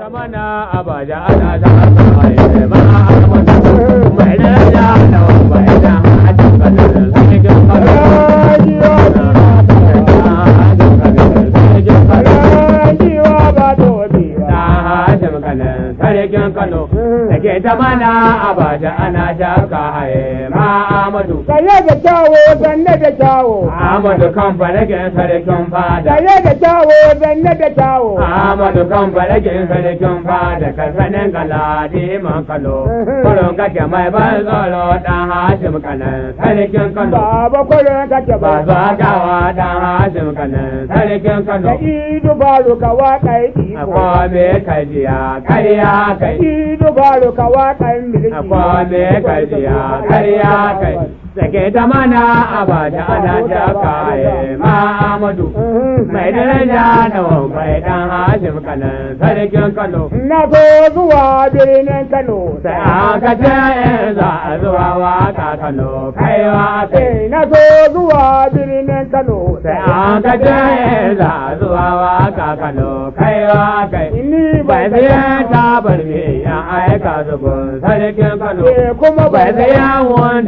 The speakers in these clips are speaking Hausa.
zamana abaja ana ta hasa mai ma a kamar mai Take ta mana abada ana shaka haye ma amadu kalle da kyawo zanne da kyawo amadu kan falakin sarkin fada kalle da kyawo zanne da kyawo amadu kan falakin sarkin fada ka sanin galadi man kalo kwaro kake mai ban tsoro dan hashim kanan sarkin kano baba kwaro kake ba za kawa dan hashim kanan sarkin kano ka idu baro ka waka yi ko me kajiya kariya ka idu baro yaro ka ya karya kai. Sake ta mana da ana jaka ma Amadu. mai daraja da wambai dan Hashim kanan sarkin Kano. Na so zuwa birnin Kano. Sai aka ce za a zuwa waka Kano kai waka. Eh, na so zuwa birnin Kano. Sai aka ce za a zuwa waka Kano kai waka. Ni bai zai ta barbe ya aika zubin sarkin Kano. Eh, kuma bai zai yawon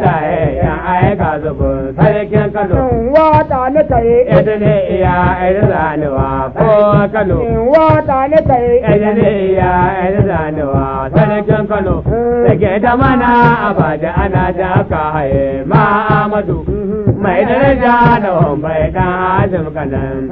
ya nan ai ka zubu sarkin Kano. In wata ne ta yi. Ita ne iya ita zanuwa ko Kano. In wata ne ta yi. Ita ne iya ita zanuwa sarkin Kano. Mm. Da ke da mana abada ana da aka haye amadu. Mm-hmm. mai daraja da wambai dan adam kanan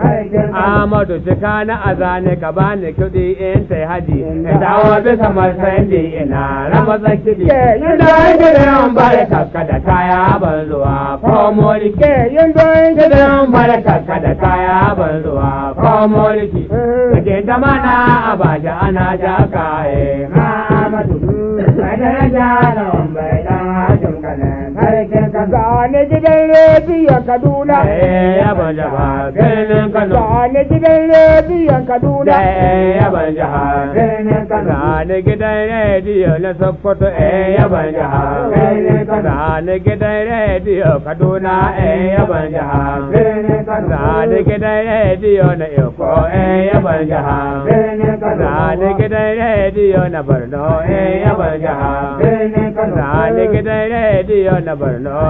amadu shika na azane ka bani kudi in tai haji ka dawo bisa masandi ina rama zakidi yin doyin gidan wambai kakka da kaya ban zuwa komori ke yin doyin gidan wambai kakka da kaya ban zuwa komori ki mm. kake da mana abaja ana ja kaye amadu mai daraja da wambai dan adam kanan ka zane gidan rediyon kaduna eh, yaban jaha birnin kano zane gidan rediyon kaduna eh, yaban jaha birnin kano zane gidan rediyo na sokoto eh, yaban jaha birnin kano zane gidan rediyo kaduna yaban jaha birnin kano zane gidan rediyo na iko yaban jaha birnin kano zane gidan rediyo na borno yaban jaha birnin kano zane gidan rediyo na borno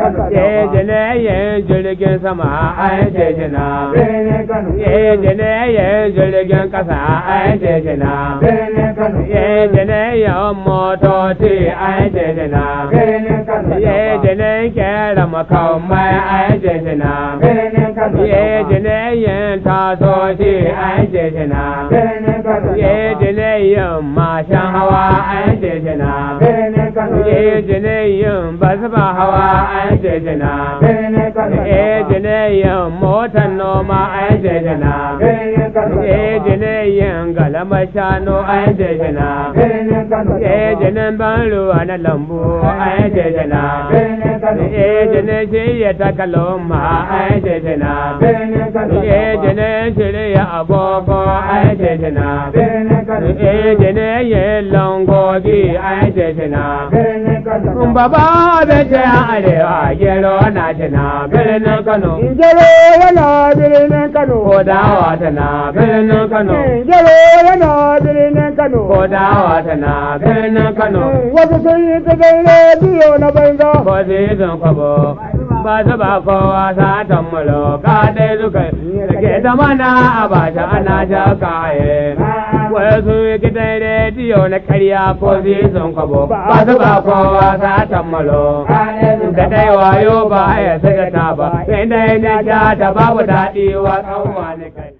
Yejene jirgin sama ai jejina. Yejene jirgin kasa ai jejina. Yejene motoci ai jejina. Yejene kera makamai ai jejina. Yejene tasoci ai jejina. Yejene mashin hawa ai jejina. ejiniyin bas ba hawa an jejina ejiniyin motan noma an jejina ejiniyin galama shanu an jejina ejinin ban ruwa na lambu an jejina ejinin shirya takaloma an jejina ejinin shirya agogo an jejina ejene ye longo bi aje tana baba be je ale a yero na jena, tana birnin Kano jero yana birnin Kano ko dawa tana birnin Kano jero yana birnin Kano ko dawa tana birnin Kano wasu sun yi ta gaire biyo na banza ko zai zan kwabo ba su ba kowa sa tammulo ka dai suka ke da mana a ba na ana ka ye koya sun yi gidan rediyo na karya ko zizon kwabo ba su ba kowa satan malo da dai wayo ba ya saka ta ba sai dai na ta babu dadi, wa tsawon wani kai